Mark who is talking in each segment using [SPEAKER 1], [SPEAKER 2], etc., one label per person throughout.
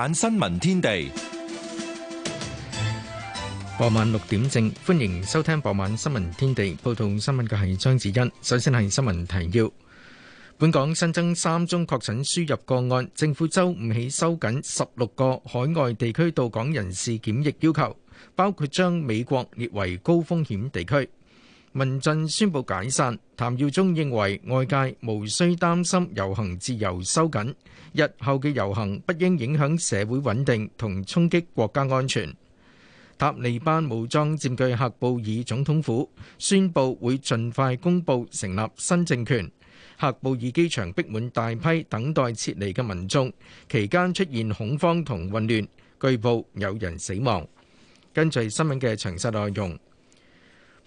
[SPEAKER 1] 晚新聞天
[SPEAKER 2] 地，傍晚六點正，歡迎收聽傍晚新聞天地。報道新聞嘅係張子欣。首先係新聞提要：本港新增三宗確診輸入個案。政府周五起收緊十六個海外地區到港人士檢疫要求，包括將美國列為高風險地區。民陣宣布解散。譚耀宗認為外界無需擔心遊行自由收緊，日後嘅遊行不應影響社會穩定同衝擊國家安全。塔利班武裝佔據喀布爾總統府，宣布會盡快公佈成立新政權。喀布爾機場逼滿大批等待撤離嘅民眾，期間出現恐慌同混亂，據報有人死亡。根據新聞嘅詳細內容。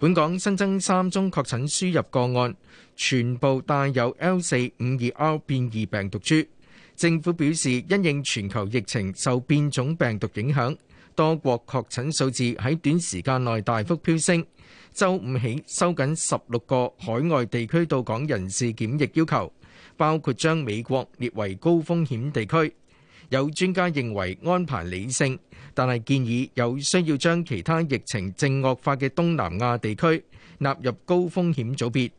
[SPEAKER 2] 本港新增三宗確診輸入個案，全部帶有 L 四五二 R 變異病毒株。政府表示，因應全球疫情受變種病毒影響，多國確診數字喺短時間內大幅飆升。週五起收緊十六個海外地區到港人士檢疫要求，包括將美國列為高風險地區。有專家認為安排理性，但係建議有需要將其他疫情正惡化嘅東南亞地區納入高風險組別，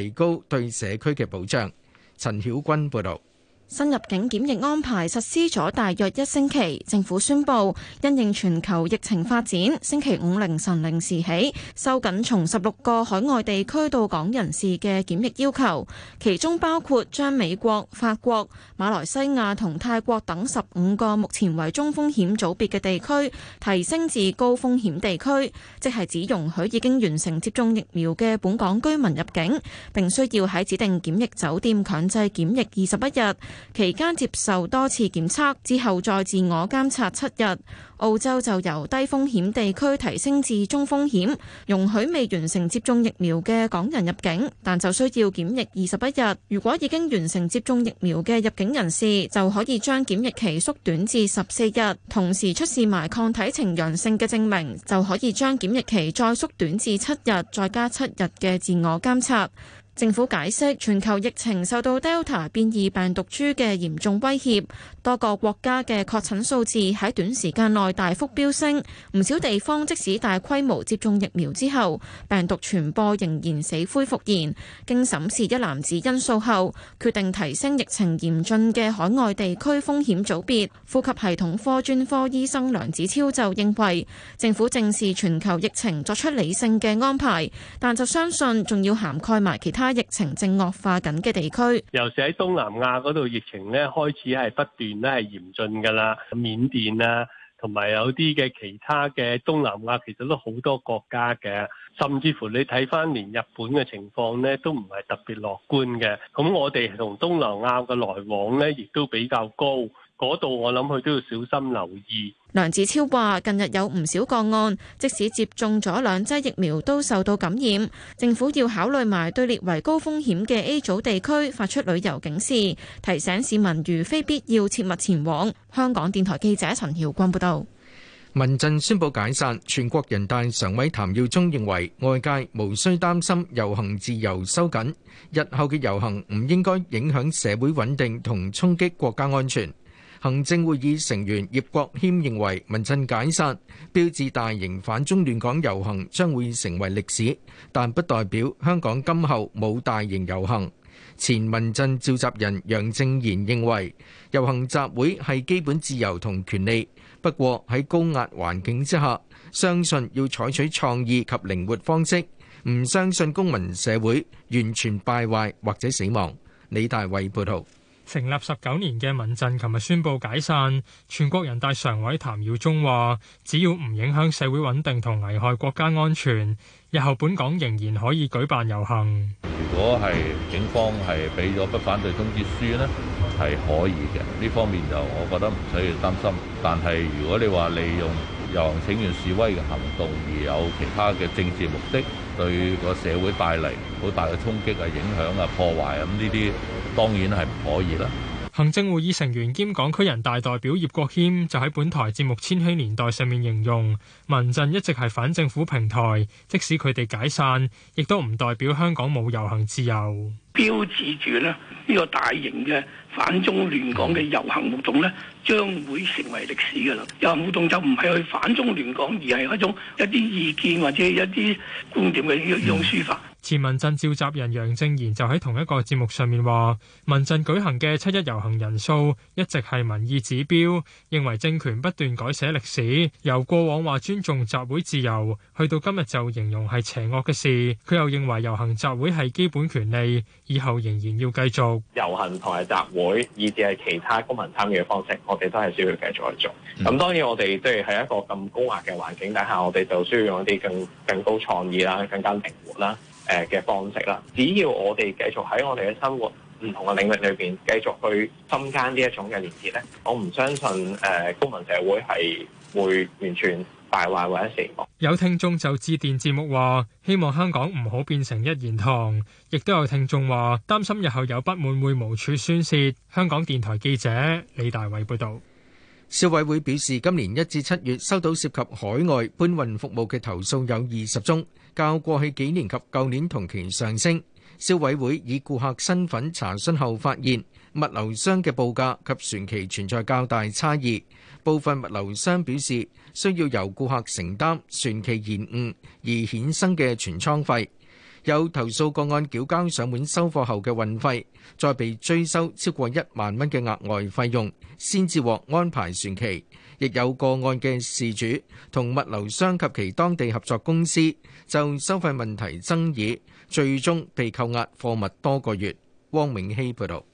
[SPEAKER 2] 提高對社區嘅保障。陳曉君報導。
[SPEAKER 3] 新入境檢疫安排實施咗大約一星期，政府宣布因應全球疫情發展，星期五凌晨零時起，收緊從十六個海外地區到港人士嘅檢疫要求，其中包括將美國、法國、馬來西亞同泰國等十五個目前為中風險組別嘅地區提升至高風險地區，即係只容許已經完成接種疫苗嘅本港居民入境，並需要喺指定檢疫酒店強制檢疫二十一日。期間接受多次檢測之後，再自我監察七日。澳洲就由低風險地區提升至中風險，容許未完成接種疫苗嘅港人入境，但就需要檢疫二十一日。如果已經完成接種疫苗嘅入境人士，就可以將檢疫期縮短至十四日，同時出示埋抗體呈陽性嘅證明，就可以將檢疫期再縮短至七日，再加七日嘅自我監察。政府解釋，全球疫情受到 Delta 變異病毒株嘅嚴重威脅，多個國家嘅確診數字喺短時間內大幅飆升，唔少地方即使大規模接種疫苗之後，病毒傳播仍然死灰復燃。經審視一籃子因素後，決定提升疫情嚴峻嘅海外地區風險組別。呼吸系統科專科醫生梁子超就認為，政府正視全球疫情，作出理性嘅安排，但就相信仲要涵蓋埋其他。疫情正惡化緊嘅地區，
[SPEAKER 4] 尤其喺東南亞嗰度，疫情咧開始係不斷咧係嚴峻噶啦。緬甸啊，同埋有啲嘅其他嘅東南亞，其實都好多國家嘅。甚至乎你睇返連日本嘅情況咧，都唔係特別樂觀嘅。咁我哋同東南亞嘅來往咧，亦都比較高。嗰度我諗佢都要小心留意。
[SPEAKER 3] 梁子超話：近日有唔少個案，即使接種咗兩劑疫苗都受到感染。政府要考慮埋對列為高風險嘅 A 組地區發出旅遊警示，提醒市民如非必要切勿前往。香港電台記者陳曉君
[SPEAKER 2] 報導。民陣宣布解散，全國人大常委譚耀宗認為外界無需擔心遊行自由收緊，日後嘅遊行唔應該影響社會穩定同衝擊國家安全。行政會議成員葉國謙認為，民陣解散標誌大型反中亂港遊行將會成為歷史，但不代表香港今後冇大型遊行。前民陣召集人楊正賢認為，遊行集會係基本自由同權利，不過喺高壓環境之下，相信要採取創意及靈活方式，唔相信公民社會完全敗壞或者死亡。李大偉報導。
[SPEAKER 5] 成立十九年嘅民陣，琴日宣布解散。全國人大常委譚耀宗話，只要唔影響社會穩定同危害國家安全，日後本港仍然可以舉辦遊行。
[SPEAKER 1] 如果係警方係俾咗不反對通知書咧，係可以嘅。呢方面就我覺得唔需要擔心。但係如果你話利用，由請願示威嘅行動而有其他嘅政治目的，對個社會帶嚟好大嘅衝擊啊、影響啊、破壞啊，咁呢啲當然係唔可以啦。
[SPEAKER 5] 行政會議成員兼港區人大代表葉國謙就喺本台節目《千禧年代》上面形容，民陣一直係反政府平台，即使佢哋解散，亦都唔代表香港冇遊行自由。
[SPEAKER 1] 標誌住呢呢、這個大型嘅反中亂港嘅遊行活動呢，將會成為歷史㗎喇。遊行活動就唔係去反中亂港，而係一種一啲意見或者一啲觀點嘅一種抒發。
[SPEAKER 5] 前民陣召集人楊政賢就喺同一個節目上面話，民陣舉行嘅七一遊行人數一直係民意指標，認為政權不斷改寫歷史，由過往話尊重集會自由，去到今日就形容係邪惡嘅事。佢又認為遊行集會係基本權利，以後仍然要繼續遊行
[SPEAKER 1] 同埋集會，以至係其他公民參與嘅方式，我哋都係需要繼續去做。咁當然我哋即係喺一個咁高壓嘅環境底下，我哋就需要用一啲更更高創意啦，更加靈活啦。誒嘅方式啦，只要我哋繼續喺我哋嘅生活唔同嘅領域裏
[SPEAKER 6] 邊繼續去深耕呢一種嘅連結咧，我唔相信誒公民社會係
[SPEAKER 5] 會完全敗壞或者死亡。有聽眾就致電節目話希望香港唔好變成一言堂，亦都有聽眾話擔心日後有不滿會無處宣洩。香港電台記者李大偉報道。
[SPEAKER 2] 消委會表示，今年一至七月收到涉及海外搬運服務嘅投訴有二十宗，較過去幾年及舊年同期上升。消委會以顧客身份查詢後發現，物流商嘅報價及船期存在較大差異。部分物流商表示，需要由顧客承擔船期延誤而衍生嘅存倉費。有投訴個案繳交上門收貨後嘅運費，再被追收超過一萬蚊嘅額外費用，先至獲安排船期。亦有個案嘅事主同物流商及其當地合作公司就收費問題爭議，最終被扣押貨物多個月。汪永熙報導。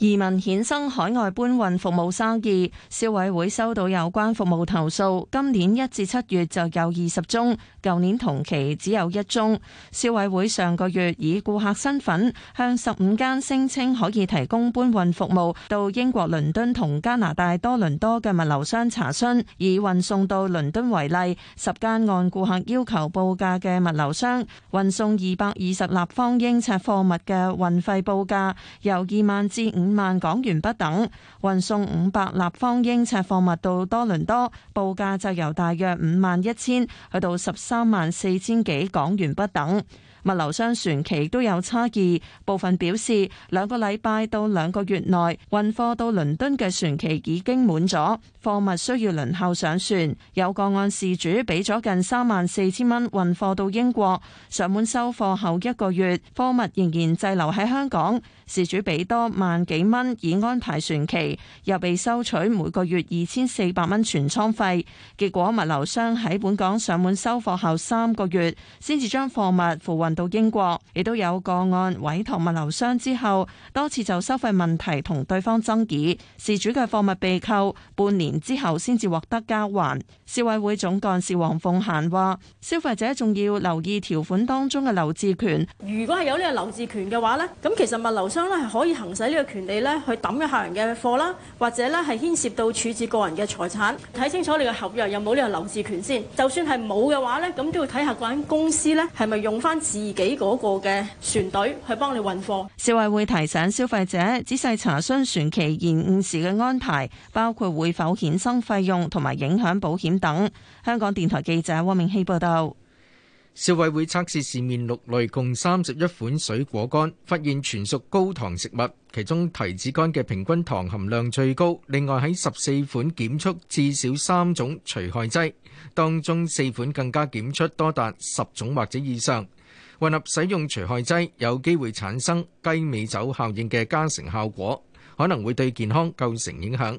[SPEAKER 7] 移民衍生海外搬運服務生意，消委會收到有關服務投訴，今年一至七月就有二十宗，舊年同期只有一宗。消委會上個月以顧客身份向十五間聲稱可以提供搬運服務到英國倫敦同加拿大多倫多嘅物流商查詢，以運送到倫敦為例，十間按顧客要求報價嘅物流商運送二百二十立方英尺貨物嘅運費報價由二萬至五。萬港元不等，運送五百立方英尺貨物到多倫多，報價就由大約五萬一千去到十三萬四千幾港元不等。物流商船期都有差異，部分表示兩個禮拜到兩個月內運貨到倫敦嘅船期已經滿咗，貨物需要輪候上船。有個案事主俾咗近三萬四千蚊運貨到英國，上門收貨後一個月，貨物仍然滯留喺香港，事主俾多萬幾蚊以安排船期，又被收取每個月二千四百蚊存倉費，結果物流商喺本港上門收貨後三個月先至將貨物付運，到英國，亦都有個案委託物流商之後，多次就收費問題同對方爭議，事主嘅貨物被扣，半年之後先至獲得交還。消委會總幹事黃鳳嫻話，消費者仲要留意條款當中嘅留置權。
[SPEAKER 8] 如果係有呢個留置權嘅話呢咁其實物流商咧係可以行使呢個權利咧，去抌咗客人嘅貨啦，或者咧係牽涉到處置個人嘅財產。睇清楚你嘅合約有冇呢個留置權先。就算係冇嘅話呢咁都要睇下間公司咧係咪用翻自己嗰個嘅船隊去幫你運貨。
[SPEAKER 7] 消委會提醒消費者仔細查詢船期延誤時嘅安排，包括會否衍生費用同埋影響保險。等香港電台記者汪明希報道。
[SPEAKER 2] 消委會測試市面六類共三十一款水果乾，發現全屬高糖食物，其中提子乾嘅平均糖含量最高。另外喺十四款檢出至少三種除害劑，當中四款更加檢出多達十種或者以上。混合使用除害劑，有機會產生雞尾酒效應嘅加成效果，可能會對健康構成影響。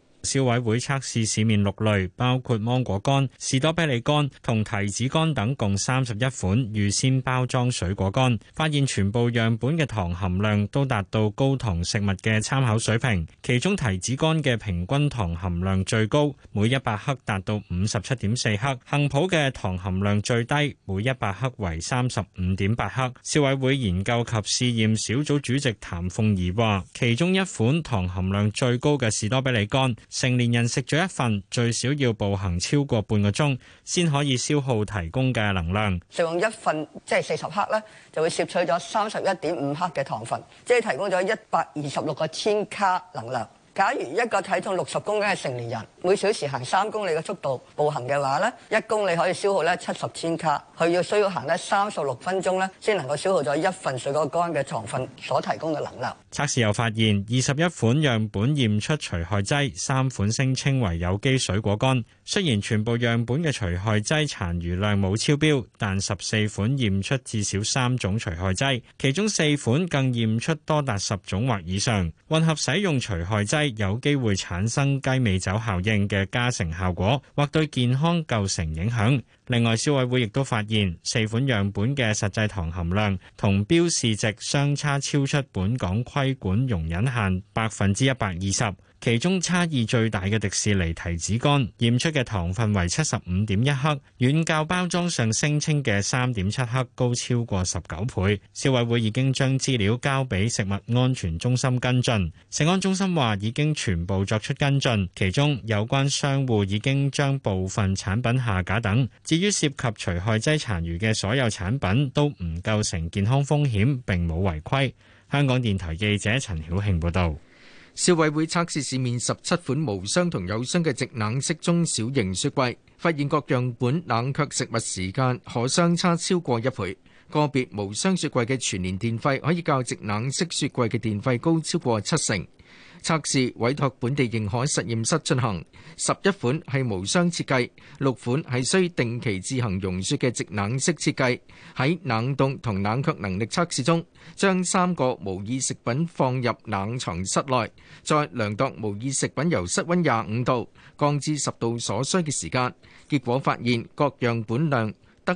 [SPEAKER 2] 消
[SPEAKER 9] 委會測試市面六類，包括芒果乾、士多啤梨乾同提子乾等，共三十一款預先包裝水果乾，發現全部樣本嘅糖含量都達到高糖食物嘅參考水平。其中提子乾嘅平均糖含量最高，每一百克達到五十七點四克；杏脯嘅糖含量最低，每一百克為三十五點八克。消委會研究及試驗小組主席譚鳳儀話，其中一款糖含量最高嘅士多啤梨乾。成年人食咗一份，最少要步行超過半個鐘先可以消耗提供嘅能量。
[SPEAKER 7] 食用一份即係四十克咧，就會攝取咗三十一點五克嘅糖分，
[SPEAKER 9] 即係提供咗一百二十六個千卡能量。假如一個體重六十公斤嘅成年人每小時行三公里嘅速度步行嘅話咧，一公里可以消耗咧七十千卡，佢要需要行咧三十六分鐘咧，先能夠消耗咗一份水果乾嘅糖分所提供嘅能量。測試又發現二十一款樣本驗出除害劑，三款聲稱為有機水果乾。雖然全部樣本嘅除害劑殘餘量冇超標，但十四款驗出至少三種除害劑，其中四款更驗出多達十種或以上。混合使用除害劑有機會產生雞尾酒效應嘅加成效果，或對健康構成影響。另外，消委會亦都發現四款樣本嘅實際糖含量同標示值相差超出本港規管容忍限百分之一百二十。其中差異最大嘅迪士尼提子乾驗出嘅糖分為七十五點一克，遠較包裝上聲稱嘅三點七克高超過十九倍。消委會已經將資料交俾食物安全中心跟進，食安中心話已經全部作出跟進，其中有關商戶已經將部分產品下架等。至於涉及除害劑殘餘嘅所有產品，都唔構成健康風險，並冇違規。香
[SPEAKER 2] 港電台記者陳曉慶報道。消委會測試市面十七款無霜同有霜嘅直冷式中小型雪櫃，發現各樣本冷卻食物時間可相差超過一倍，個別無霜雪櫃嘅全年電費可以較直冷式雪櫃嘅電費高超過七成。測試委託本地認可實驗室進行，十一款係無霜設計，六款係需定期自行融雪嘅直冷式設計。喺冷凍同冷卻能力測試中，將三個無異食品放入冷藏室內，再量度無異食品由室溫廿五度降至十度所需嘅時間。結果發現各樣本量得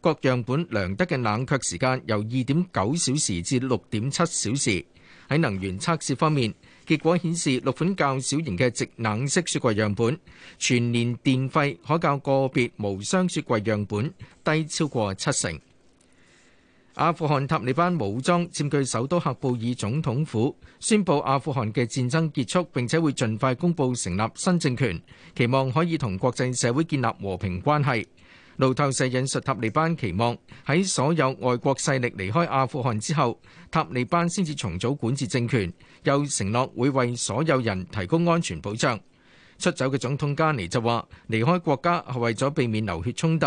[SPEAKER 2] 各樣本量得嘅冷卻時間由二點九小時至六點七小時。喺能源測試方面。結果顯示，六款較小型嘅直冷式雪櫃樣本全年電費可較個別無霜雪櫃樣本低超過七成。阿富汗塔利班武裝佔據首都喀布爾總統府，宣布阿富汗嘅戰爭結束，並且會盡快公布成立新政權，期望可以同國際社會建立和平關係。路透社引述塔利班期望喺所有外國勢力離開阿富汗之後，塔利班先至重組管治政權，又承諾會為所有人提供安全保障。出走嘅總統加尼就話：離開國家係為咗避免流血衝突。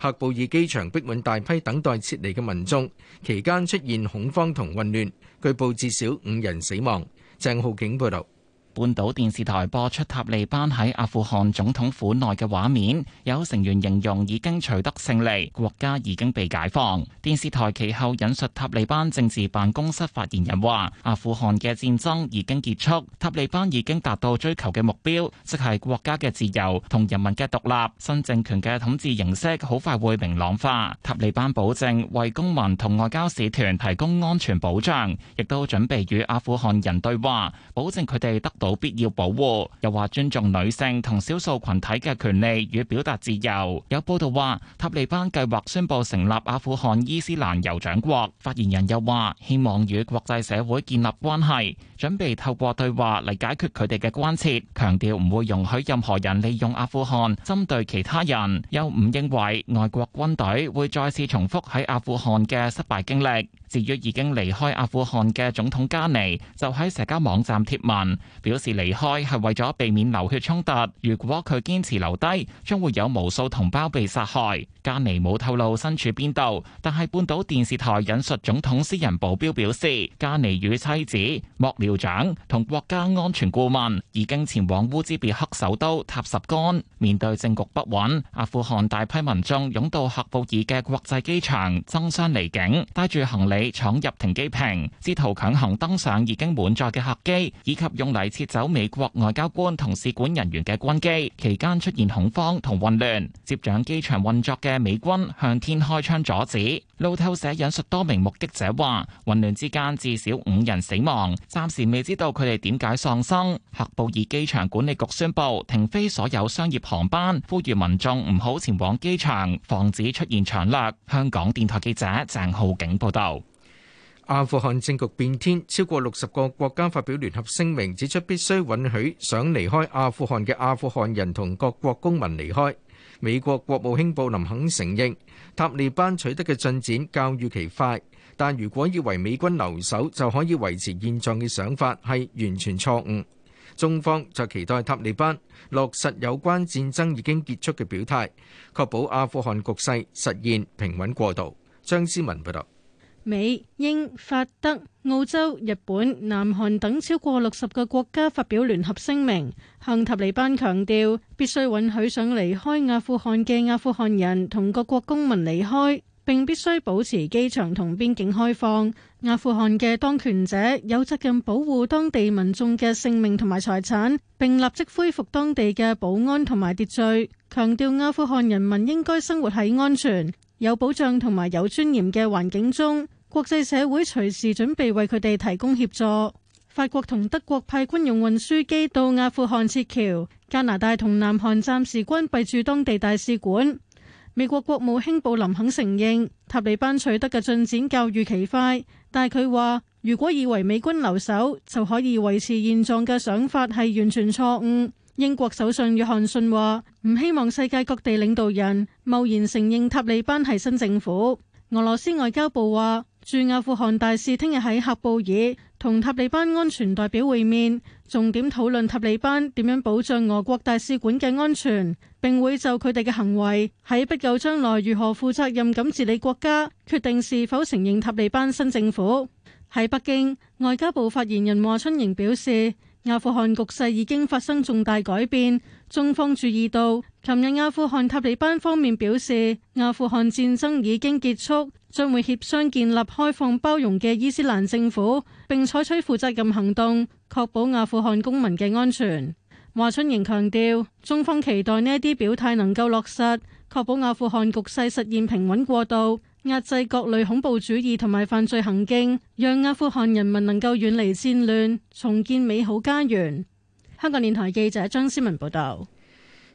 [SPEAKER 2] 喀布爾機場逼滿大批等待撤離嘅民眾，期間出現恐慌同混亂，據報至少五人死亡。鄭浩景報道。半島電視台播出塔利
[SPEAKER 10] 班喺阿富汗總統府內嘅畫面，有成員形容已經取得勝利，國家已經被解放。電視台其後引述塔利班政治辦公室發言人話，阿富汗嘅戰爭已經結束，塔利班已經達到追求嘅目標，即係國家嘅自由同人民嘅獨立。新政權嘅統治形式好快會明朗化。塔利班保證為公民同外交使團提供安全保障，亦都準備與阿富汗人對話，保證佢哋得到必要保護，又話尊重女性同少數群體嘅權利與表達自由。有報道話，塔利班計劃宣布成立阿富汗伊斯蘭酋長國。發言人又話，希望與國際社會建立關係，準備透過對話嚟解決佢哋嘅關切，強調唔會容許任何人利用阿富汗針對其他人。又唔認為外國軍隊會再次重複喺阿富汗嘅失敗經歷。至於已經離開阿富汗嘅總統加尼，就喺社交網站貼文。表示離開係為咗避免流血衝突。如果佢堅持留低，將會有無數同胞被殺害。加尼冇透露身處邊度，但係半島電視台引述總統私人保鏢表示，加尼與妻子幕僚長同國家安全顧問已經前往烏茲別克首都塔什干。面對政局不穩，阿富汗大批民眾湧到喀布爾嘅國際機場爭相離境，帶住行李闖入停機坪，試圖強行登上已經滿載嘅客機以及用嚟劫走美國外交官同使館人員嘅軍機，期間出現恐慌同混亂，接掌機場運作嘅美軍向天開槍阻止。路透社引述多名目擊者話，混亂之間至少五人死亡，暫時未知道佢哋點解喪生。喀布爾機場管理局宣布停飛所有商業航班，呼籲民眾唔好前往機場，防止出現
[SPEAKER 2] 搶掠。香港電台記者鄭浩景報道。阿富汗政局變天，超過六十個國家發表聯合聲明，指出必須允許想離開阿富汗嘅阿富汗人同各國公民離開。美國國務卿布林肯承認，塔利班取得嘅進展較預期快，但如果以為美軍留守就可以維持現狀嘅想法係完全錯誤。中方就期待塔利班落實有關戰爭已經結束嘅表態，確保阿富汗局勢實現平穩過渡。張思文報道。
[SPEAKER 8] 美、英、法、德、澳洲、日本、南韓等超過六十個國家發表聯合聲明，向塔利班強調必須允許想離開阿富汗嘅阿富汗人同各國公民離開，並必須保持機場同邊境開放。阿富汗嘅當權者有責任保護當地民眾嘅性命同埋財產，並立即恢復當地嘅保安同埋秩序，強調阿富汗人民應該生活喺安全，有保障同埋有尊嚴嘅環境中，國際社會隨時準備為佢哋提供協助。法國同德國派軍用運輸機到阿富汗撤僑，加拿大同南韓暫時關閉駐當地大使館。美國國務卿布林肯承認，塔利班取得嘅進展較預期快，但佢話如果以為美軍留守就可以維持現狀嘅想法係完全錯誤。英國首相約翰遜話唔希望世界各地領導人貿然承認塔利班係新政府。俄羅斯外交部話，駐阿富汗大使聽日喺喀布爾同塔利班安全代表會面，重點討論塔利班點樣保障俄國大使館嘅安全，並會就佢哋嘅行為喺不久將來如何負責任咁治理國家，決定是否承認塔利班新政府。喺北京，外交部發言人華春瑩表示。阿富汗局勢已經發生重大改變，中方注意到，琴日阿富汗塔利班方面表示，阿富汗戰爭已經結束，將會協商建立開放包容嘅伊斯蘭政府，并采取負責任行動，確保阿富汗公民嘅安全。華春瑩強調，中方期待呢一啲表態能夠落實，確保阿富汗局勢實現平穩過渡。壓制各類恐怖主義同埋犯罪行徑，讓阿富汗人民能夠遠離戰亂，重建美好家園。香港電台記者張思文報道。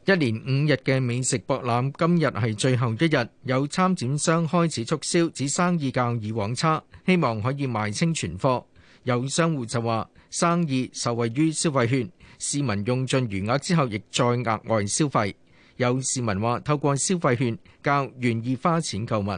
[SPEAKER 2] 一連五日嘅美食博覽今日係最後一日，有參展商開始促銷，指生意較以往差，希望可以賣清存貨。有商戶就話生意受惠於消費券，市民用盡餘額之後，亦再額外消費。有市民話透過消費券較願意花錢購物。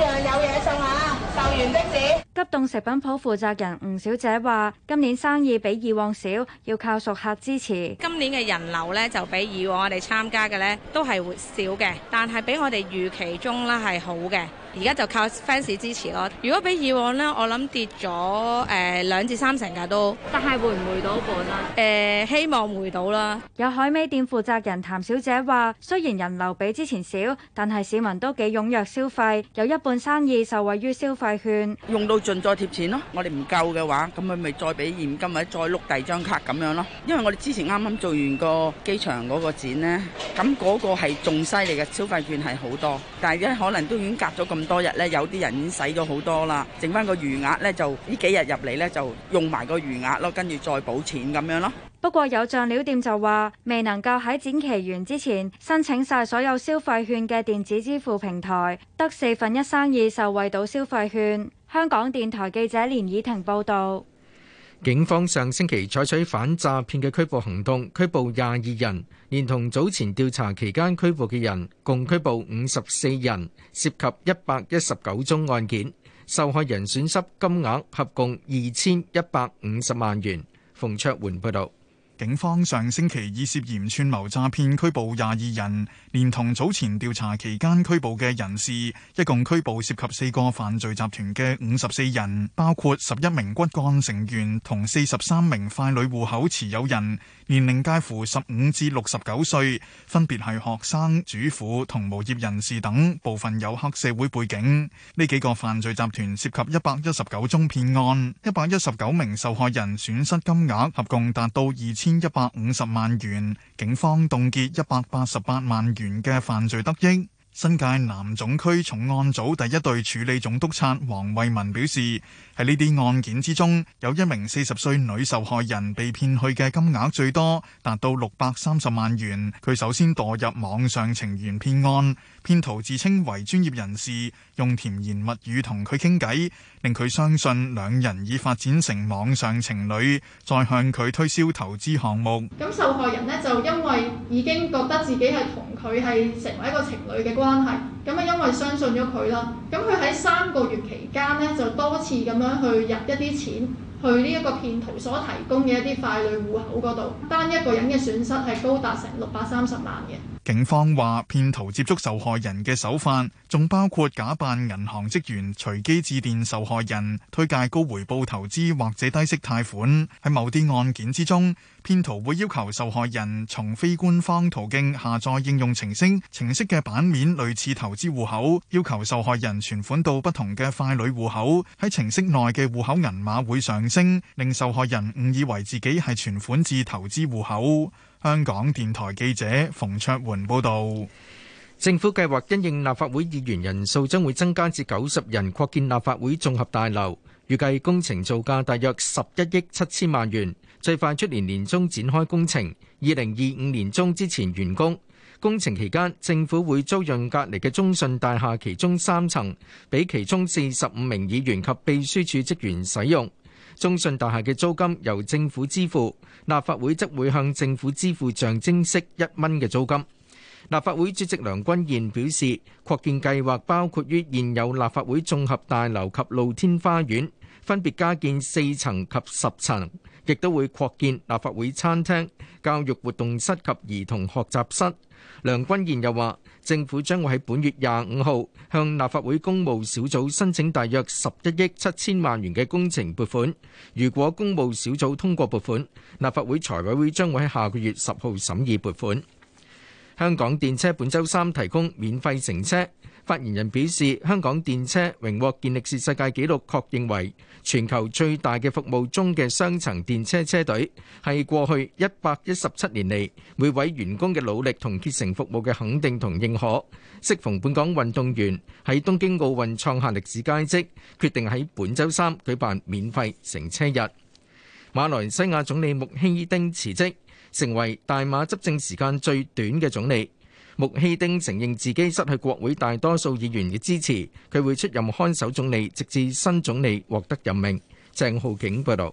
[SPEAKER 3] 有嘢送啊！售完即
[SPEAKER 11] 止。急凍食品鋪負責人吳小姐話，今年生意比以往少，要靠熟客支持。
[SPEAKER 3] 今年嘅人流呢，就比以往我哋參加嘅呢，都係會少嘅，但係比我哋預期中呢，係好嘅。而家就靠 fans 支持咯。如果比以往呢，我諗跌咗誒、呃、兩至三成㗎都。但係會唔會到本啊？
[SPEAKER 11] 誒、呃，希望回到啦。有海味店負責人譚小姐話，雖然人流比之前少，但係市民都幾踴躍消費，有一半生意受惠於消費券。
[SPEAKER 7] 用到盡再貼錢咯。我哋唔夠嘅話，咁佢咪再俾現金或者再碌第二張卡咁樣咯。因為我哋之前啱啱做完個機場嗰個展呢，咁、那、嗰個係仲犀利嘅消費券係好多，但係咧可能都已經隔咗咁。多日咧，有啲人已經使咗好多啦，剩翻個餘額咧就呢幾日入嚟咧就用埋個餘額咯，跟住再補錢咁樣咯。
[SPEAKER 11] 不過有醬料店就話，未能夠喺展期完之前申請晒所有消費券嘅電子支付平台，得四分一生意受惠到消費券。香港電台記者連以婷報導。
[SPEAKER 2] 警方上星期採取反詐騙嘅拘捕行動，拘捕廿二人，連同早前調查期間拘捕嘅人，共拘捕五十四人，涉及一百一十九宗案件，受害人損失金額合共二千一百五十萬元。馮卓桓報導。警方上星期以
[SPEAKER 12] 涉嫌串謀詐騙拘捕廿二人，連同早前調查期間拘捕嘅人士，一共拘捕涉及四個犯罪集團嘅五十四人，包括十一名骨幹成員同四十三名快女戶口持有人，年齡介乎十五至六十九歲，分別係學生、主婦同無業人士等，部分有黑社會背景。呢幾個犯罪集團涉及一百一十九宗騙案，一百一十九名受害人損失金額合共達到二千千一百五十萬元，警方凍結一百八十八萬元嘅犯罪得益。新界南總區重案組第一隊處理總督察黃惠文表示，喺呢啲案件之中，有一名四十歲女受害人被騙去嘅金額最多，達到六百三十萬元。佢首先墮入網上情緣騙案，騙徒自稱為專業人士，用甜言蜜語同佢傾偈，令佢相信兩人已發展成網上情侶，再向佢推銷投資項目。
[SPEAKER 8] 咁受害人呢，就因為已經覺得自己係同佢係成為一個情侶嘅關關係咁啊，因為相信咗佢啦，咁佢喺三個月期間咧，就多次咁樣去入一啲錢，去呢一個騙徒所提供嘅一啲傀儡戶口嗰度，單一個人嘅損失係高達成六百三十萬嘅。
[SPEAKER 12] 警方話，騙徒接觸受害人嘅手法，仲包括假扮銀行職員，隨機致電受害人，推介高回報投資或者低息貸款。喺某啲案件之中，騙徒會要求受害人從非官方途徑下載應用程式，程式嘅版面類似投資戶口，要求受害人存款到不同嘅傀儡戶口。喺程式內嘅戶口銀碼會上升，令受害人誤以為自己係存款至投資戶口。香港
[SPEAKER 2] 電台記者馮卓桓報道，政府計劃因應立法會議員人數將會增加至九十人，擴建立法會綜合大樓，預計工程造價大約十一億七千萬元，最快出年年中展開工程，二零二五年中之前完工。工程期間，政府會租用隔籬嘅中信大廈其中三層，俾其中四十五名議員及秘書處職員使用。中信大廈嘅租金由政府支付，立法會則會向政府支付象徵式一蚊嘅租金。立法會主席梁君彥表示，擴建計劃包括於現有立法會綜合大樓及露天花園分別加建四層及十層，亦都會擴建立法會餐廳、教育活動室及兒童學習室。梁君彥又話。政府將會喺本月廿五號向立法會公務小組申請大約十一億七千萬元嘅工程撥款。如果公務小組通過撥款，立法會財委會將會喺下個月十號審議撥款。香港電車本周三提供免費乘車。發言人表示，香港電車榮獲健力士世界紀錄，確認為全球最大嘅服務中嘅雙層電車車隊，係過去一百一十七年嚟，每位員工嘅努力同竭誠服務嘅肯定同認可。適逢本港運動員喺東京奧運創下歷史佳績，決定喺本周三舉辦免費乘車日。馬來西亞總理穆希丁辭職，成為大馬執政時間最短嘅總理。穆希丁承認自己失去國會大多數議員嘅支持，佢會出任看守總理，直至新總理獲得任命。鄭浩景報道。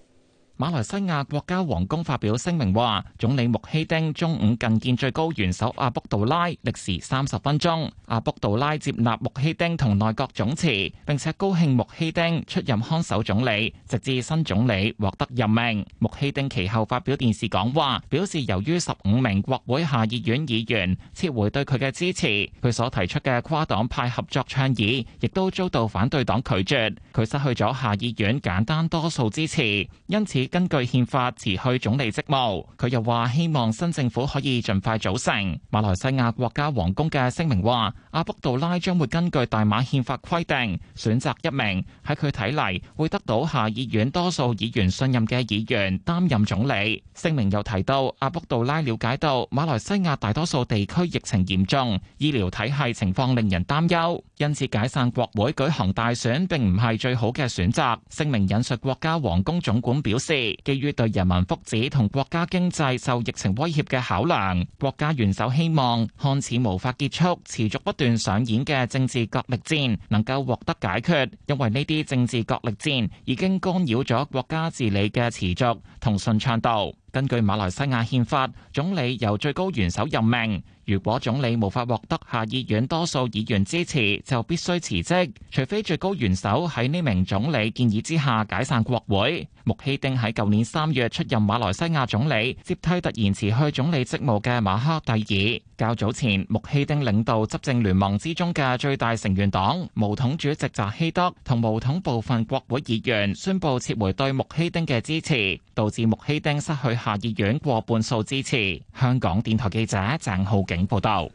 [SPEAKER 2] 馬來西亞國家皇宮發表聲明話，總理穆希丁中
[SPEAKER 10] 午覲見最高元首阿卜杜拉，歷時三十分鐘。阿卜杜拉接納穆希丁同內閣總辭，並且高興穆希丁出任看守總理，直至新總理獲得任命。穆希丁其後發表電視講話，表示由於十五名國會下議院議員撤回對佢嘅支持，佢所提出嘅跨黨派合作倡議亦都遭到反對黨拒絕，佢失去咗下議院簡單多數支持，因此，根據憲法辭去總理職務，佢又話希望新政府可以盡快組成。馬來西亞國家皇宮嘅聲明話，阿卜杜拉將會根據大馬憲法規定，選擇一名喺佢睇嚟會得到下議院多數議員信任嘅議員擔任總理。聲明又提到，阿卜杜拉了解到馬來西亞大多數地區疫情嚴重，醫療體系情況令人擔憂，因此解散國會舉行大選並唔係最好嘅選擇。聲明引述國家皇宮總管表示。基於對人民福祉同國家經濟受疫情威脅嘅考量，國家元首希望看似無法結束、持續不斷上演嘅政治角力戰能夠獲得解決，因為呢啲政治角力戰已經干擾咗國家治理嘅持續同順暢度。根據馬來西亞憲法，總理由最高元首任命。如果總理無法獲得下議院多數議員支持，就必須辭職，除非最高元首喺呢名總理建議之下解散國會。穆希丁喺舊年三月出任馬來西亞總理，接替突然辭去總理職務嘅馬哈蒂爾。較早前，穆希丁領導執政聯盟之中嘅最大成員黨巫統主席扎希德同巫統部分國會議員宣布撤回對穆希丁嘅支持，導致穆希丁失去下議院過半數支持。香港
[SPEAKER 2] 電台記者鄭浩景。報道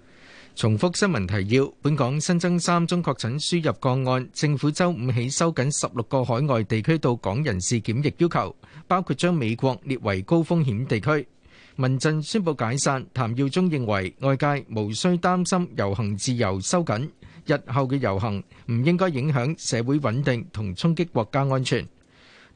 [SPEAKER 2] 重複新聞提要。本港新增三宗確診輸入個案。政府周五起收緊十六個海外地區到港人士檢疫要求，包括將美國列為高風險地區。民陣宣布解散。譚耀宗認為外界無需擔心遊行自由收緊，日後嘅遊行唔應該影響社會穩定同衝擊國家安全。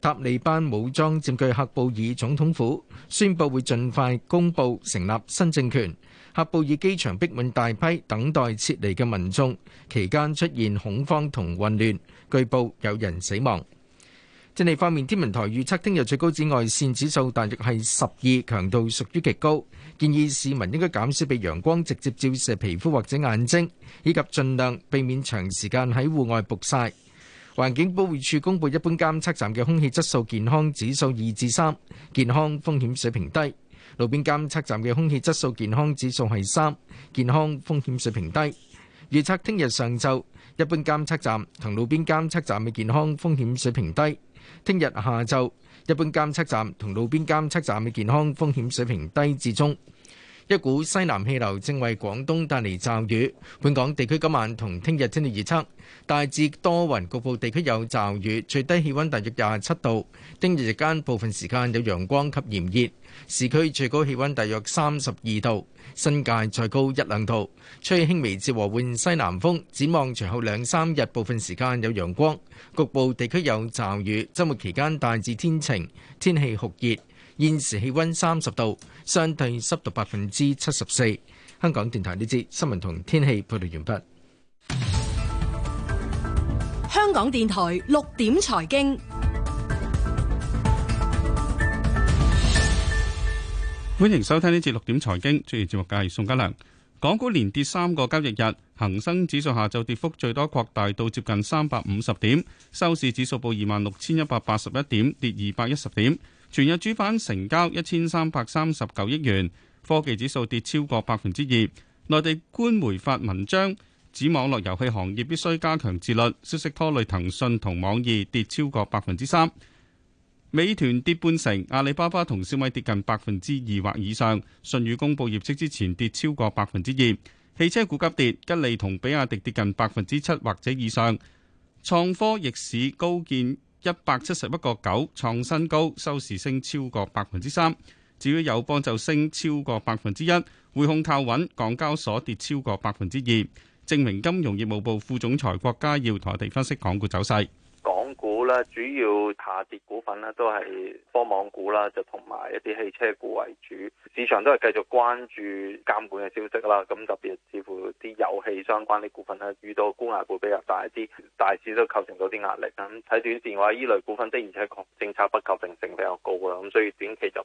[SPEAKER 2] 塔利班武裝佔據喀布爾總統府，宣布會盡快公布成立新政權。喀布爾機場逼滿大批等待撤離嘅民眾，期間出現恐慌同混亂，據報有人死亡。天氣方面，天文台預測聽日最高紫外線指數大約係十二，強度屬於極高，建議市民應該減少被陽光直接照射皮膚或者眼睛，以及盡量避免長時間喺戶外曝曬。環境保護署公布一般監測站嘅空氣質素健康指數二至三，健康風險水平低。路邊監測站嘅空氣質素健康指數係三，健康風險水平低。預測聽日上晝，一般監測站同路邊監測站嘅健康風險水平低。聽日下晝，一般監測站同路邊監測站嘅健康風險水平低至中。一股西南氣流正為廣東帶嚟驟雨，本港地區今晚同聽日天氣預測，大致多雲，局部地區有驟雨，最低氣溫大約廿七度。聽日日間部分時間有陽光及炎熱，市區最高氣溫大約三十二度，新界再高一兩度，吹輕微至和緩西南風，展望隨後兩三日部分時間有陽光，局部地區有驟雨。週末期間大致天晴，天氣酷熱。現時氣溫三十度，相對濕度百分之七十四。香港電台呢節新聞同天氣報道完畢。
[SPEAKER 8] 香港電台六點財經，
[SPEAKER 4] 歡迎收聽呢節六點財經，主持節目嘅係宋家良。港股連跌三個交易日，恒生指數下晝跌幅最多擴大到接近三百五十點，收市指數報二萬六千一百八十一點，跌二百一十點。全日主板成交一千三百三十九億元，科技指數跌超過百分之二。內地官媒發文章指網絡遊戲行業必須加強自律，消息拖累騰訊同網易跌超過百分之三，美團跌半成，阿里巴巴同小米跌近百分之二或以上。舜宇公布業績之前跌超過百分之二，汽車股急跌，吉利同比亞迪跌近百分之七或者以上。創科逆市高見。一百七十一個九創新高，收市升超過百分之三。至於友邦就升超過百分之一，匯控靠穩，港交所跌超過百分之二。證明金融業務部副總裁郭家耀同我哋分析港股走勢。
[SPEAKER 1] 主要下跌股份啦，都係科網股啦，就同埋一啲汽車股為主。
[SPEAKER 8] 市場都係繼續
[SPEAKER 1] 關注監管嘅消息啦。咁特別，似乎啲遊戲相關啲股份咧，遇到沽壓比較大啲，大市都構成咗啲壓力。咁睇，短線嘅話，呢類股份的而且確政策不確定性比較高啊。咁所以短期就。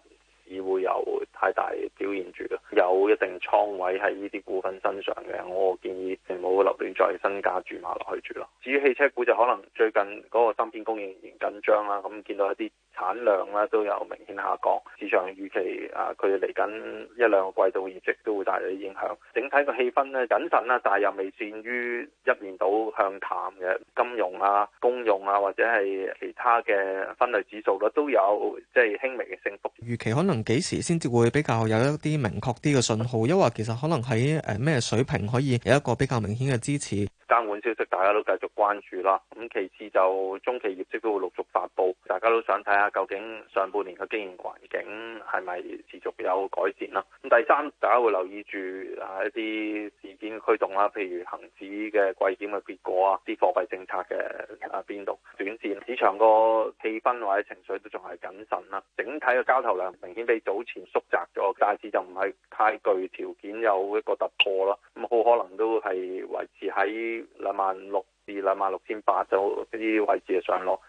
[SPEAKER 1] 而會有太大表現住嘅，有一定倉位喺呢啲股份身上嘅，我建議你唔好留定在身家住，碼落去住啦。至於汽車股就可能最近嗰個芯片供應仍然緊張啦，咁見到一啲。產量啦都有明顯下降，市場預期啊佢嚟緊一兩個季度業績都會帶嚟影響。整體個氣氛咧謹慎啦，但係又未至於一面倒向淡嘅，金融啊、公用啊或者係其他嘅分類指數啦，都有即係輕微嘅升幅。
[SPEAKER 9] 預期可能幾時先至會比較有一啲明確啲嘅信號？因為其實可能喺誒咩水平可以有一個比較明顯嘅支持。
[SPEAKER 1] 監管消息大家都繼續關注啦。咁其次就中期業績都會陸續發布，大家都想睇。啊，究竟上半年嘅經營環境係咪持續有改善啦、啊？咁第三，大家會留意住啊一啲事件嘅驅動啦、啊，譬如恒指嘅季檢嘅結果啊，啲貨幣政策嘅啊變動、短線市場個氣氛或者情緒都仲係謹慎啦、啊。整體嘅交投量明顯比早前縮窄咗，大市就唔係太具條件有一個突破啦。咁好可能都係維持喺兩萬六至兩萬六千八就啲位置嘅上落。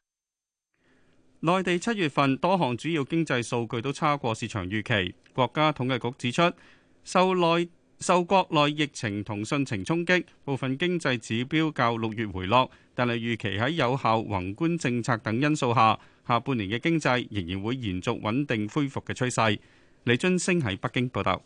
[SPEAKER 4] 內地七月份多項主要經濟數據都差過市場預期。國家統計局指出，受內受國內疫情同汛情衝擊，部分經濟指標較六月回落。但係預期喺有效宏觀政策等因素下，下半年嘅經濟仍然會延續穩定恢復嘅趨勢。李津星喺北京報道。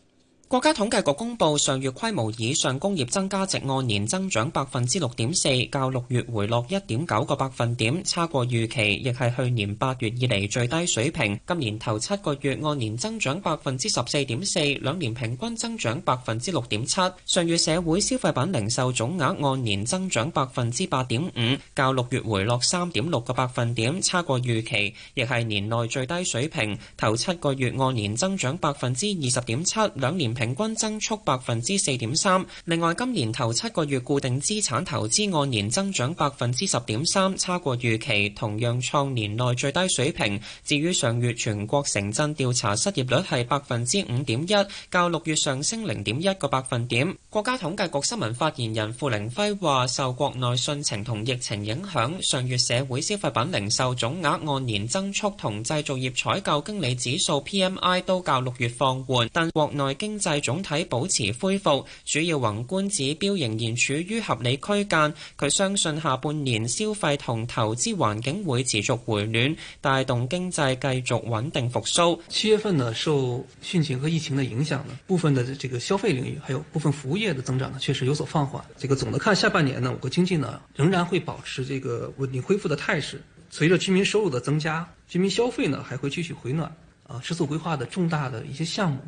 [SPEAKER 4] 國家
[SPEAKER 13] 統計局公布上月規模以上工業增加值按年增長百分之六點四，較六月回落一點九個百分點，差過預期，亦係去年八月以嚟最低水平。今年頭七個月按年增長百分之十四點四，兩年平均增長百分之六點七。上月社會消費品零售總額按年增長百分之八點五，較六月回落三點六個百分點，差過預期，亦係年內最低水平。頭七個月按年增長百分之二十點七，兩年。平均增速百分之四點三，另外今年頭七個月固定資產投資按年增長百分之十點三，差過預期，同樣創年內最低水平。至於上月全國城鎮調查失業率係百分之五點一，較六月上升零點一個百分點。國家統計局新聞發言人傅凌輝話，受國內汛情同疫情影響，上月社會消費品零售總額按年增速同製造業採購經理指數 PMI 都較六月放緩，但國內經濟。債總體保持恢復，主要宏觀指標仍然處於合理區間。佢相信下半年消費同投資環境會持續回暖，帶動經濟繼續穩定復蘇。七月份呢，受汛情和疫情的影響呢，部分的這個消費領域還有部分服務業的增長呢，確實有所放緩。這個總的看下半年呢，我國經濟呢仍然會保持這個穩定恢復的態勢。隨着居民收入的增加，居民消費呢還會繼續回暖。啊，十四五規劃的重大的一些項目。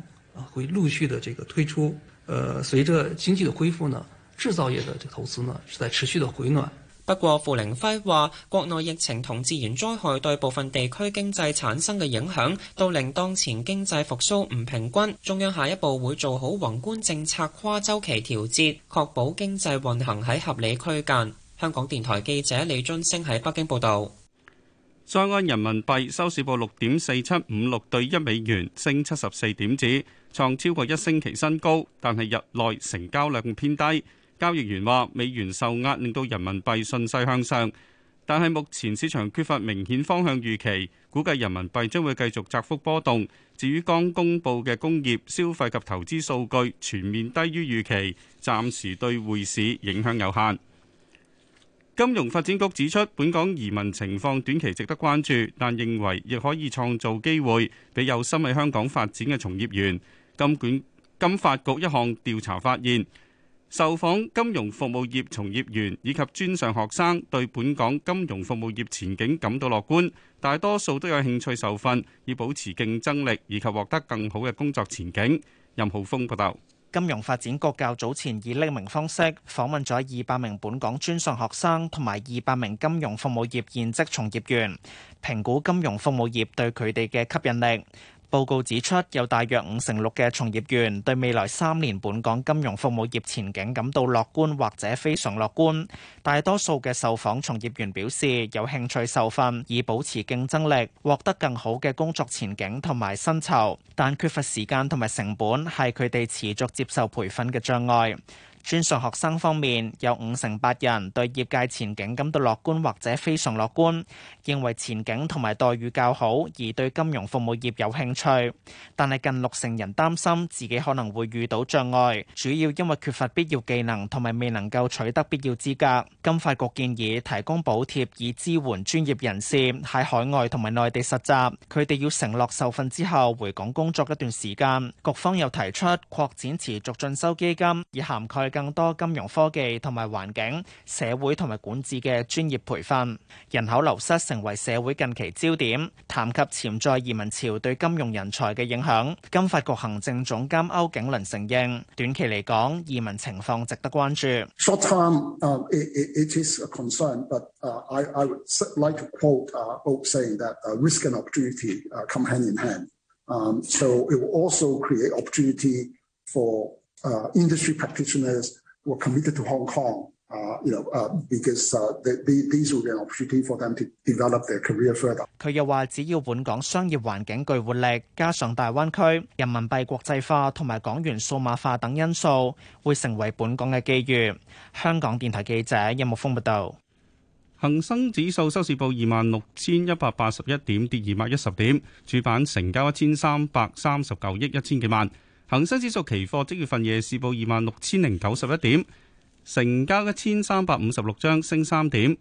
[SPEAKER 13] 會陸續的這個推出，呃，隨着經濟的恢復呢，製造業的這投資呢是在持續的回暖。不過，傅凌輝話，國內疫情同自然災害對部分地區經濟產生嘅影響，都令當前經濟復蘇唔平均。中央下一步會做好宏觀政策跨周期調節，確保經濟運行喺合理區間。香
[SPEAKER 4] 港電台記者李津升喺北京報道。在岸人民幣收市報六點四七五六對一美元，升七十四點子，創超過一星期新高。但係日內成交量偏低。交易員話：美元受壓令到人民幣順勢向上，但係目前市場缺乏明顯方向預期，估計人民幣將會繼續窄幅波動。至於剛公布嘅工業、消費及投資數據全面低於預期，暫時對匯市影響有限。金融發展局指出，本港移民情況短期值得關注，但認為亦可以創造機會俾有心喺香港發展嘅從業員。金管金發局一項調查發現，受訪金融服務業從業員以及專上學生對本港金融服務業前景感到樂觀，大多數都有興趣受訓，以保持競爭力以及獲得更好嘅工作前景。任浩峰報道。
[SPEAKER 14] 金融發展局較早前以匿名方式訪問咗二百名本港專上學生同埋二百名金融服務業現職從業員，評估金融服務業對佢哋嘅吸引力。報告指出，有大約五成六嘅從業員對未來三年本港金融服務業前景感到樂觀或者非常樂觀。大多數嘅受訪從業員表示有興趣受訓，以保持競爭力、獲得更好嘅工作前景同埋薪酬，但缺乏時間同埋成本係佢哋持續接受培訓嘅障礙。專上學生方面，有五成八人對業界前景感到樂觀或者非常樂觀，認為前景同埋待遇較好而對金融服務業有興趣。但係近六成人擔心自己可能會遇到障礙，主要因為缺乏必要技能同埋未能夠取得必要資格。金發局建議提供補貼以支援專業人士喺海外同埋內地實習，佢哋要承諾受訓之後回港工作一段時間。局方又提出擴展持續進修基金，以涵蓋。更多金融科技同埋環境社會同埋管治嘅專業培訓。人口流失成為社會近期焦點，談及潛在移民潮對金融人才嘅影響，金發局行政總監歐景倫承認短期嚟講移民情況值得關注。 佢又話：只要本港商業環境具活力，加上大灣區、人民幣國際化同埋港元數碼化等因素，會成為本港嘅機遇。香港電台記者任木峯報道。
[SPEAKER 4] 恆生指數收市報二萬六千一百八十一點，跌二百一十點，主板成交一千三百三十九億一千幾萬。恒生指數期貨即月份夜市報二萬六千零九十一點，成交一千三百五十六張，升三點。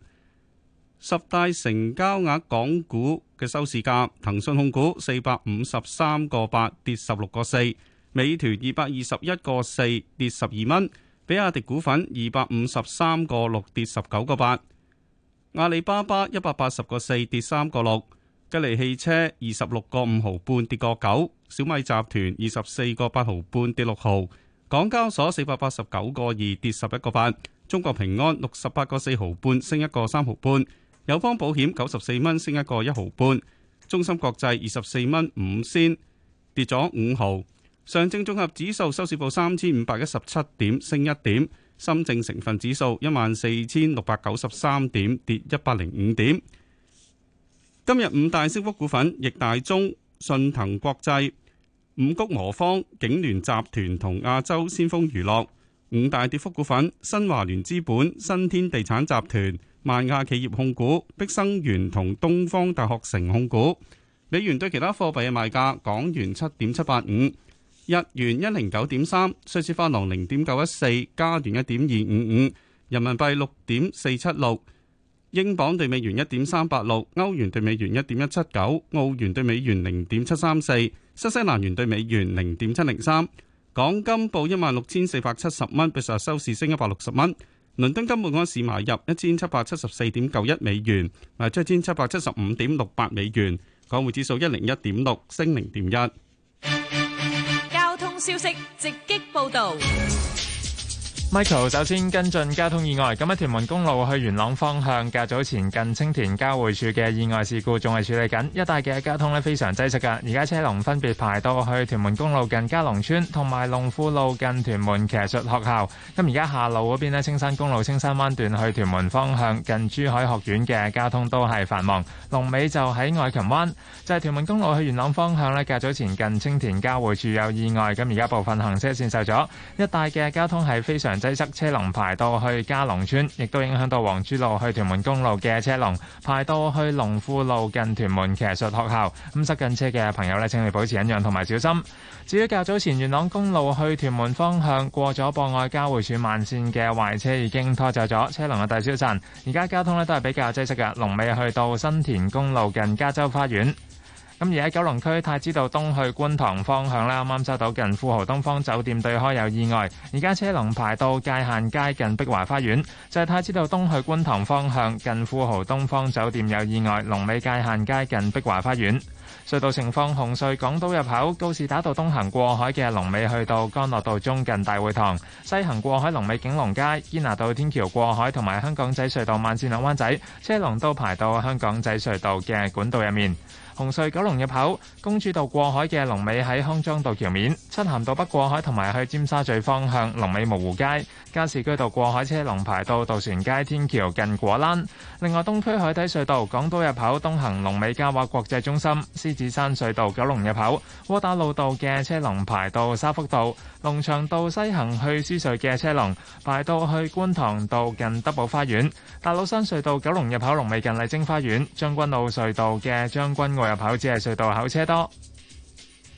[SPEAKER 4] 十大成交額港股嘅收市價，騰訊控股四百五十三個八，跌十六個四；美團二百二十一個四，跌十二蚊；比亞迪股份二百五十三個六，跌十九個八；阿里巴巴一百八十個四，跌三個六。吉利汽車二十六個五毫半跌個九，小米集團二十四個八毫半跌六毫，港交所四百八十九個二跌十一個八，中國平安六十八個四毫半升一個三毫半，友邦保險九十四蚊升一個一毫半，中芯國際二十四蚊五仙跌咗五毫，上證綜合指數收市報三千五百一十七點升一點，深證成分指數一萬四千六百九十三點跌一百零五點。今日五大升幅股份：易大中、信騰國際、五穀磨坊、景聯集團同亞洲先鋒娛樂。五大跌幅股份：新華聯資本、新天地產集團、萬亞企業控股、碧生源同東方大學城控股。美元對其他貨幣嘅賣價：港元七點七八五，日元一零九點三，瑞士法郎零點九一四，加元一點二五五，人民幣六點四七六。英鎊兌美元一點三八六，歐元兌美元一點一七九，澳元兌美元零點七三四，新西蘭元兌美元零點七零三。港金報一萬六千四百七十蚊，比上日收市升一百六十蚊。倫敦金本港市買入一千七百七十四點九一美元，賣出一千七百七十五點六八美元。港匯指數一零一點六，升零點一。
[SPEAKER 13] 交通消息，直擊報道。
[SPEAKER 6] Michael 首先跟進交通意外，咁喺屯門公路去元朗方向較早前近青田交匯處嘅意外事故仲係處理緊，一帶嘅交通咧非常擠塞㗎，而家車龍分別排到去屯門公路近嘉龍村同埋龍富路近屯門騎術學校，咁而家下路嗰邊咧青山公路青山灣段去屯門方向近珠海學院嘅交通都係繁忙，龍尾就喺愛琴灣，就係、是、屯門公路去元朗方向呢咧，較早前近青田交匯處有意外，咁而家部分行車線受阻，一帶嘅交通係非常。擠塞，車龍排到去嘉龍村，亦都影響到黃珠路去屯門公路嘅車龍排到去龍富路近屯門騎術學校。咁塞緊車嘅朋友呢，請你保持忍讓同埋小心。至於較早前元朗公路去屯門方向過咗博愛交匯處慢線嘅壞車已經拖走咗，車龍嘅大致消散。而家交通呢，都係比較擠塞嘅，龍尾去到新田公路近加州花園。咁而喺九龍區太子道東去觀塘方向啦，啱啱收到近富豪東方酒店對開有意外，而家車龍排到界限街近碧華花園，就係、是、太子道東去觀塘方向近富豪東方酒店有意外，龍尾界限街近碧華花園。隧道情況，紅隧港島入口告士打道東行過海嘅龍尾去到干諾道中近大會堂，西行過海龍尾景隆街、堅拿道天橋過海，同埋香港仔隧道慢線兩灣仔車龍都排到香港仔隧道嘅管道入面。紅隧九龍入口、公主道過海嘅龍尾喺康莊道橋面；漆咸道北過海同埋去尖沙咀方向龍尾蕪湖街；加士居道過海車龍排到渡船街天橋近果欄；另外東區海底隧道港島入口東行龍尾嘉華國際中心；獅子山隧道九龍入口窩打老道嘅車龍排到沙福道；龍翔道西行去獅隧嘅車龍排到去觀塘道近德寶花園；大老山隧道九龍入口龍尾近麗晶花園；將軍澳隧道嘅將軍澳入口只係隧道口車多，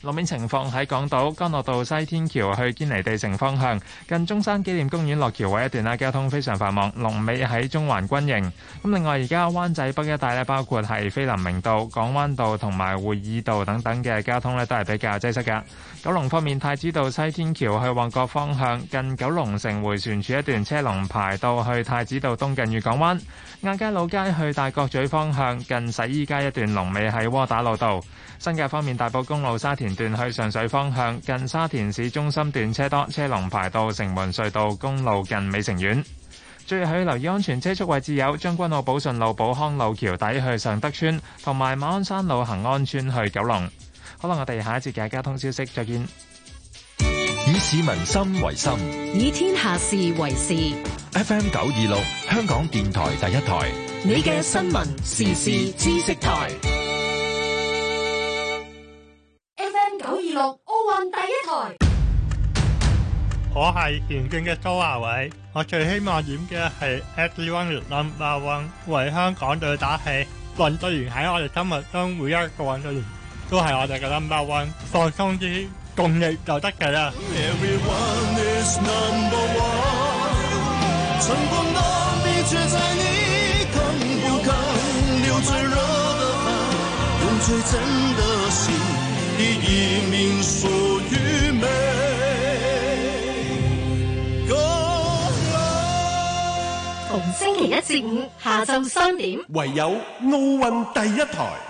[SPEAKER 6] 路面情況喺港島干諾道西天橋去堅尼地城方向，近中山紀念公園落橋位一段咧，交通非常繁忙。龍尾喺中環軍營。咁另外而家灣仔北一帶咧，包括係菲林明道、港灣道同埋會議道等等嘅交通咧，都係比較擠塞嘅。九龍方面，太子道西天橋去旺角方向，近九龍城回旋處一段車龍排到去太子道東近月港灣。亞皆老街去大角咀方向，近洗衣街一段龍尾喺窩打老道。新界方面，大埔公路沙田段去上水方向，近沙田市中心段車多，車龍排到城門隧道公路近美城苑。最後要去留意安全車速位置有將軍澳寶順路、寶康路橋底去尚德邨，同埋馬鞍山路恒安村去九龍。好啦，我哋下一節嘅交通消息再見。以市民心
[SPEAKER 1] 為心，
[SPEAKER 14] 以天下事為事。
[SPEAKER 1] F M 九二六香港電台第一台，
[SPEAKER 14] 你嘅新聞時事知識台。F M
[SPEAKER 3] 九二
[SPEAKER 5] 六奧運第一台。我係田徑嘅周亞偉，我最希望演嘅係 Adrian Newman 為香港隊打氣，運動員喺我哋生活中每一個運動員。都係我哋嘅 number one，再衝擊共贏就得㗎喇。
[SPEAKER 4] Everyone is number one！逢
[SPEAKER 12] 星期一至五下晝三點，
[SPEAKER 14] 唯有奧運第一台。